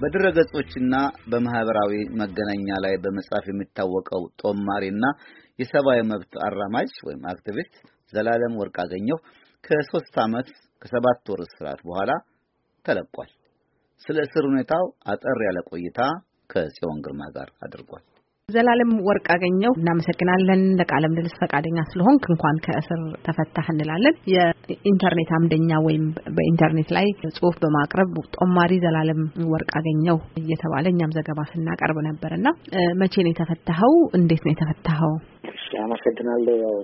በድረ ገጾችና በማህበራዊ መገናኛ ላይ በመጻፍ የሚታወቀው ጦማሪና የሰብአዊ መብት አራማጅ ወይም አክቲቪስት ዘላለም ወርቅ አገኘሁ ከሶስት ዓመት ከሰባት ወር እስራት በኋላ ተለቋል። ስለ እስር ሁኔታው አጠር ያለ ቆይታ ከጽዮን ግርማ ጋር አድርጓል። ዘላለም ወርቅ አገኘው እናመሰግናለን። ለቃለ ምልልስ ፈቃደኛ ስለሆንክ እንኳን ከእስር ተፈታህ እንላለን። የኢንተርኔት አምደኛ ወይም በኢንተርኔት ላይ ጽሁፍ በማቅረብ ጦማሪ ዘላለም ወርቅ አገኘው እየተባለ እኛም ዘገባ ስናቀርብ ነበር እና መቼ ነው የተፈታኸው? እንዴት ነው የተፈታኸው? አመሰግናለሁ። ያው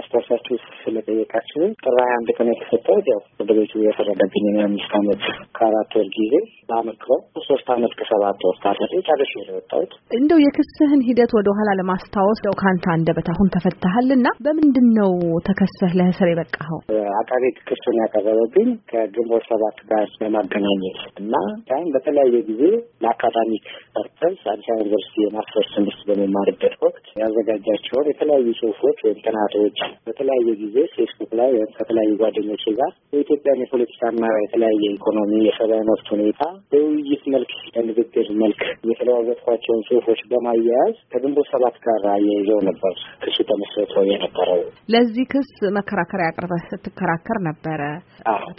አስታውሳችሁ ስለጠየቃችሁ ጥር ሀያ አንድ ቀን የተፈታሁት ያው ወደ ቤቱ የፈረደብኝ የአምስት አመት ከአራት ወር ጊዜ በአመክሮ ሶስት አመት ከሰባት ወር ታሰሪ ጨርሼ ነው የወጣሁት። እንደው የክስህ የፍትህን ሂደት ወደ ኋላ ለማስታወስ ው ካንተ አንደበት አሁን ተፈትሃል እና በምንድን ነው ተከሰህ ለእስር የበቃኸው? አቃቤ ክሱን ያቀረበብኝ ከግንቦት ሰባት ጋር ለማገናኘት እና ታይም በተለያየ ጊዜ ለአካዳሚክ ፐርፐስ አዲስ አበባ ዩኒቨርሲቲ የማስተርስ ትምህርት በመማርበት ወቅት ያዘጋጃቸውን የተለያዩ ጽሁፎች ወይም ጥናቶች በተለያየ ጊዜ ፌስቡክ ላይ ወይም ከተለያዩ ጓደኞች ጋር የኢትዮጵያን የፖለቲካና የተለያየ ኢኮኖሚ፣ የሰብአዊ መብት ሁኔታ በውይይት መልክ በንግግር መልክ የተለዋወጥኳቸውን ጽሁፎች በማያያዝ ከግንቦት ሰባት ጋር አያይዘው ነበር ክሱ ተመስርቶ የነበረው። ለዚህ ክስ መከራከሪያ አቅርበህ ስትከራከር ነበረ።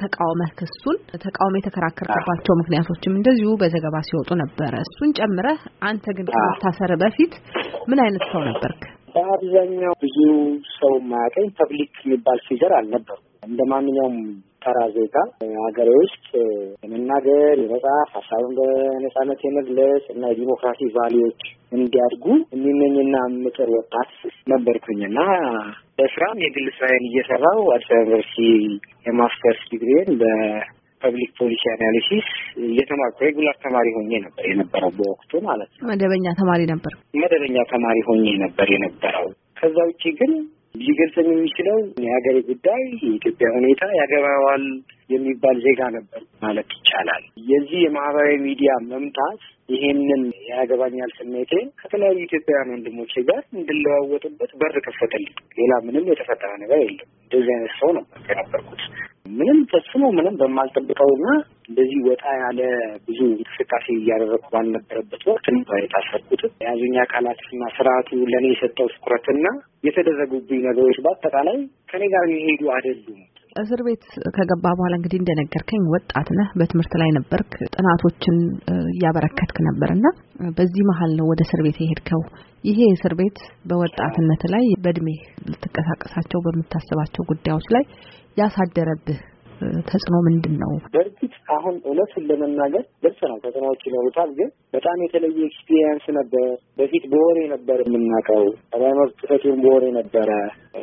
ተቃውመህ ክሱን ተቃውሞ የተከራከርክባቸው ምክንያቶችም እንደዚሁ በዘገባ ሲወጡ ነበረ። እሱን ጨምረህ አንተ ግን ከመታሰር በፊት ምን አይነት ሰው ነበርክ? በአብዛኛው ብዙ ሰው ማያቀኝ ፐብሊክ የሚባል ፊገር አልነበሩ እንደ ማንኛውም ተራ ዜጋ ሀገሬ ውስጥ የመናገር የመጻፍ ሀሳብን በነጻነት የመግለጽ እና የዲሞክራሲ ቫሊዎች እንዲያድጉ የሚመኝና ምጥር ወጣት ነበርኩኝና በስራም የግል ስራዬን እየሰራው አዲስ አበባ ዩኒቨርሲቲ የማስተርስ ዲግሪን በፐብሊክ ፖሊሲ አናሊሲስ እየተማርኩ ሬጉላር ተማሪ ሆኜ ነበር የነበረው በወቅቱ ማለት ነው። መደበኛ ተማሪ ነበር። መደበኛ ተማሪ ሆኜ ነበር የነበረው። ከዛ ውጭ ግን ሊገልጸኝ የሚችለው የሀገሬ ጉዳይ የኢትዮጵያ ሁኔታ ያገባዋል የሚባል ዜጋ ነበር ማለት ይቻላል። የዚህ የማህበራዊ ሚዲያ መምጣት ይሄንን ያገባኛል ስሜቴ ከተለያዩ ኢትዮጵያውያን ወንድሞቼ ጋር እንድለዋወጥበት በር ከፈተልኝ። ሌላ ምንም የተፈጠረ ነገር የለም። እንደዚህ አይነት ሰው ነበር። ምንም በማልጠብቀውና እንደዚህ ወጣ ያለ ብዙ እንቅስቃሴ እያደረግኩ ባልነበረበት ወቅት ነበር የታሰርኩት። የያዙኝ አካላትና ስርዓቱ ለእኔ የሰጠው ትኩረትና የተደረጉብኝ ነገሮች በአጠቃላይ ከኔ ጋር የሄዱ አይደሉም። እስር ቤት ከገባ በኋላ እንግዲህ እንደነገርከኝ ወጣት ነህ፣ በትምህርት ላይ ነበርክ፣ ጥናቶችን እያበረከትክ ነበር እና በዚህ መሀል ነው ወደ እስር ቤት የሄድከው። ይሄ እስር ቤት በወጣትነት ላይ በእድሜ ልትንቀሳቀሳቸው በምታስባቸው ጉዳዮች ላይ ያሳደረብህ ተጽዕኖ ምንድን ነው? በእርግጥ አሁን እውነቱን ለመናገር ግልጽ ነው፣ ተጽዕኖዎች ይኖሩታል። ግን በጣም የተለየ ኤክስፒሪየንስ ነበር። በፊት በወሬ ነበር የምናውቀው፣ ሃይማኖት ጥፈቱን በወሬ ነበረ፣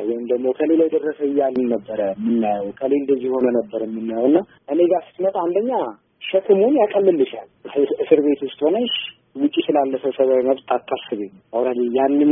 ወይም ደግሞ ከሌላ የደረሰ እያልን ነበረ የምናየው፣ ከሌ እንደዚህ ሆነ ነበር የምናየው እና እኔ ጋር ስትመጣ አንደኛ ሸክሙን ያቀልልሻል። እስር ቤት ውስጥ ሆነሽ ውጪ ስላለፈ ሰብአዊ መብት አታስቢም። ኦልሬዲ ያንን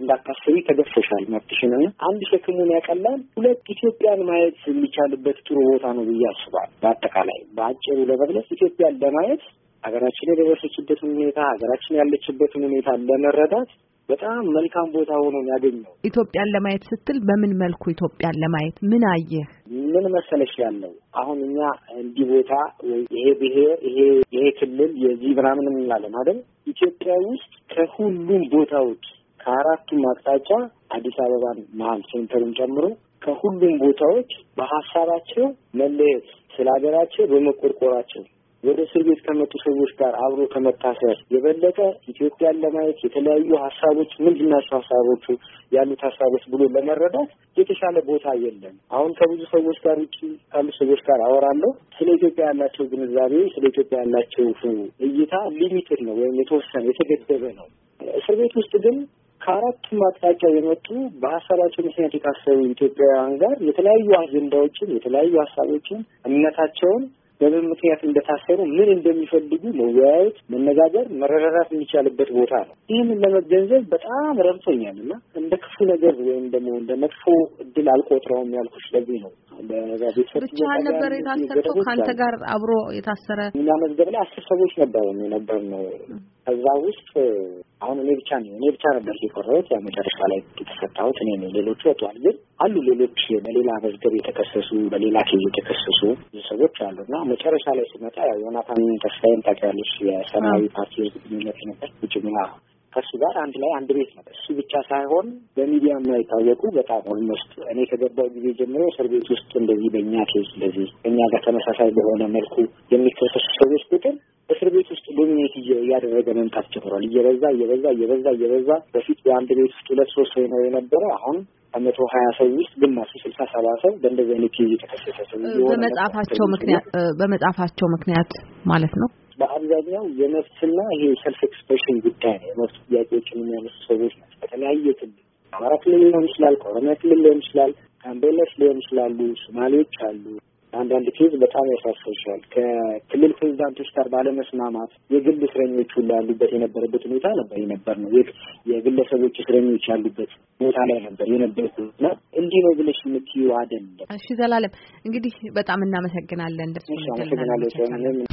እንዳታስቢ ተገፍተሻል መብትሽን። አንድ ሸክሙን ያቀላል፣ ሁለት ኢትዮጵያን ማየት የሚቻልበት ጥሩ ቦታ ነው ብዬ አስባል። በአጠቃላይ በአጭሩ ለመግለጽ ኢትዮጵያን ለማየት ሀገራችን የደረሰችበትን ሁኔታ ሀገራችን ያለችበትን ሁኔታ ለመረዳት በጣም መልካም ቦታ ሆኖ ያገኘው። ኢትዮጵያን ለማየት ስትል በምን መልኩ ኢትዮጵያን ለማየት ምን አየህ? ምን መሰለሽ ያለው አሁን እኛ እንዲህ ቦታ ወይ ይሄ ብሄር ይሄ ይሄ ክልል የዚህ ምናምን እንላለን አይደል? ኢትዮጵያ ውስጥ ከሁሉም ቦታዎች ከአራቱም አቅጣጫ አዲስ አበባን መሀል ሴንተሩን ጨምሮ ከሁሉም ቦታዎች በሀሳባቸው መለየት ስለ ሀገራቸው በመቆርቆራቸው ወደ እስር ቤት ከመጡ ሰዎች ጋር አብሮ ከመታሰር የበለጠ ኢትዮጵያን ለማየት የተለያዩ ሀሳቦች ምንድናቸው ሀሳቦቹ ያሉት ሀሳቦች ብሎ ለመረዳት የተሻለ ቦታ የለም። አሁን ከብዙ ሰዎች ጋር ውጭ ካሉ ሰዎች ጋር አወራለሁ። ስለ ኢትዮጵያ ያላቸው ግንዛቤ፣ ስለ ኢትዮጵያ ያላቸው እይታ ሊሚትድ ነው ወይም የተወሰነ የተገደበ ነው። እስር ቤት ውስጥ ግን ከአራቱም አቅጣጫ የመጡ በሀሳባቸው ምክንያት የታሰሩ ኢትዮጵያውያን ጋር የተለያዩ አጀንዳዎችን የተለያዩ ሀሳቦችን እምነታቸውን በምን ምክንያት እንደታሰሩ፣ ምን እንደሚፈልጉ መወያየት፣ መነጋገር፣ መረዳዳት የሚቻልበት ቦታ ነው። ይህንን ለመገንዘብ በጣም ረድቶኛል እና እንደ ክፉ ነገር ወይም ደግሞ እንደ መጥፎ እድል አልቆጥረውም ያልኩሽ ለዚህ ነው። ብቻህን ነበር የታሰርከው? ከአንተ ጋር አብሮ የታሰረ እኛ መዝገብ ላይ አስር ሰዎች ነበር ነበር ነው። ከዛ ውስጥ አሁን እኔ ብቻ ነው እኔ ብቻ ነበር የቀረሁት። ያው መጨረሻ ላይ የተፈታሁት እኔ ነው። ሌሎቹ ወጥቷል። ግን አሉ ሌሎች በሌላ መዝገብ የተከሰሱ በሌላ ኬዝ የተከሰሱ ሰዎች አሉ። እና መጨረሻ ላይ ሲመጣ ያው ዮናታን ተስፋዬን ታውቂያለሽ? የሰማያዊ ፓርቲ ግንኙነት ነበር ውጭ ሚና ከእሱ ጋር አንድ ላይ አንድ ቤት ነበር። እሱ ብቻ ሳይሆን በሚዲያ የማይታወቁ በጣም ኦልሞስት እኔ ከገባው ጊዜ ጀምሮ እስር ቤት ውስጥ እንደዚህ በእኛ ኬዝ እንደዚህ እኛ ጋር ተመሳሳይ በሆነ መልኩ የሚከሰሱ ሰዎች ቁጥር እስር ቤት ውስጥ ዶሚኔት እያደረገ መምጣት ጀምሯል። እየበዛ እየበዛ እየበዛ እየበዛ በፊት በአንድ ቤት ውስጥ ሁለት ሶስት ሰው ነው የነበረ አሁን ከመቶ ሀያ ሰው ውስጥ ግማሹ ስልሳ ሰባ ሰው በእንደዚህ አይነት ኬዝ የተከሰሰ ሰው በመጽሐፋቸው ምክንያት በመጽሐፋቸው ምክንያት ማለት ነው። በአብዛኛው የመብትና ይሄ ሰልፍ ኤክስፕሬሽን ጉዳይ ነው። የመብት ጥያቄዎችን የሚያነሱ ሰዎች ናቸው። በተለያየ ክልል አማራ ክልል ሊሆን ይችላል፣ ከኦሮሚያ ክልል ሊሆን ይችላል፣ ጋምቤላስ ሊሆን ይችላሉ፣ ሶማሌዎች አሉ፣ አንዳንድ ኬዝ በጣም ያሳስብሻል። ከክልል ፕሬዚዳንቶች ጋር ባለመስማማት የግል እስረኞች ሁሉ ያሉበት የነበረበት ሁኔታ ነበር የነበር ነው የግለሰቦች እስረኞች ያሉበት ቦታ ላይ ነበር የነበርኩና እንዲህ ነው ብለሽ የምትዩ አይደለም። እሺ ዘላለም እንግዲህ በጣም እናመሰግናለን። ደስ አመሰግናለሁ።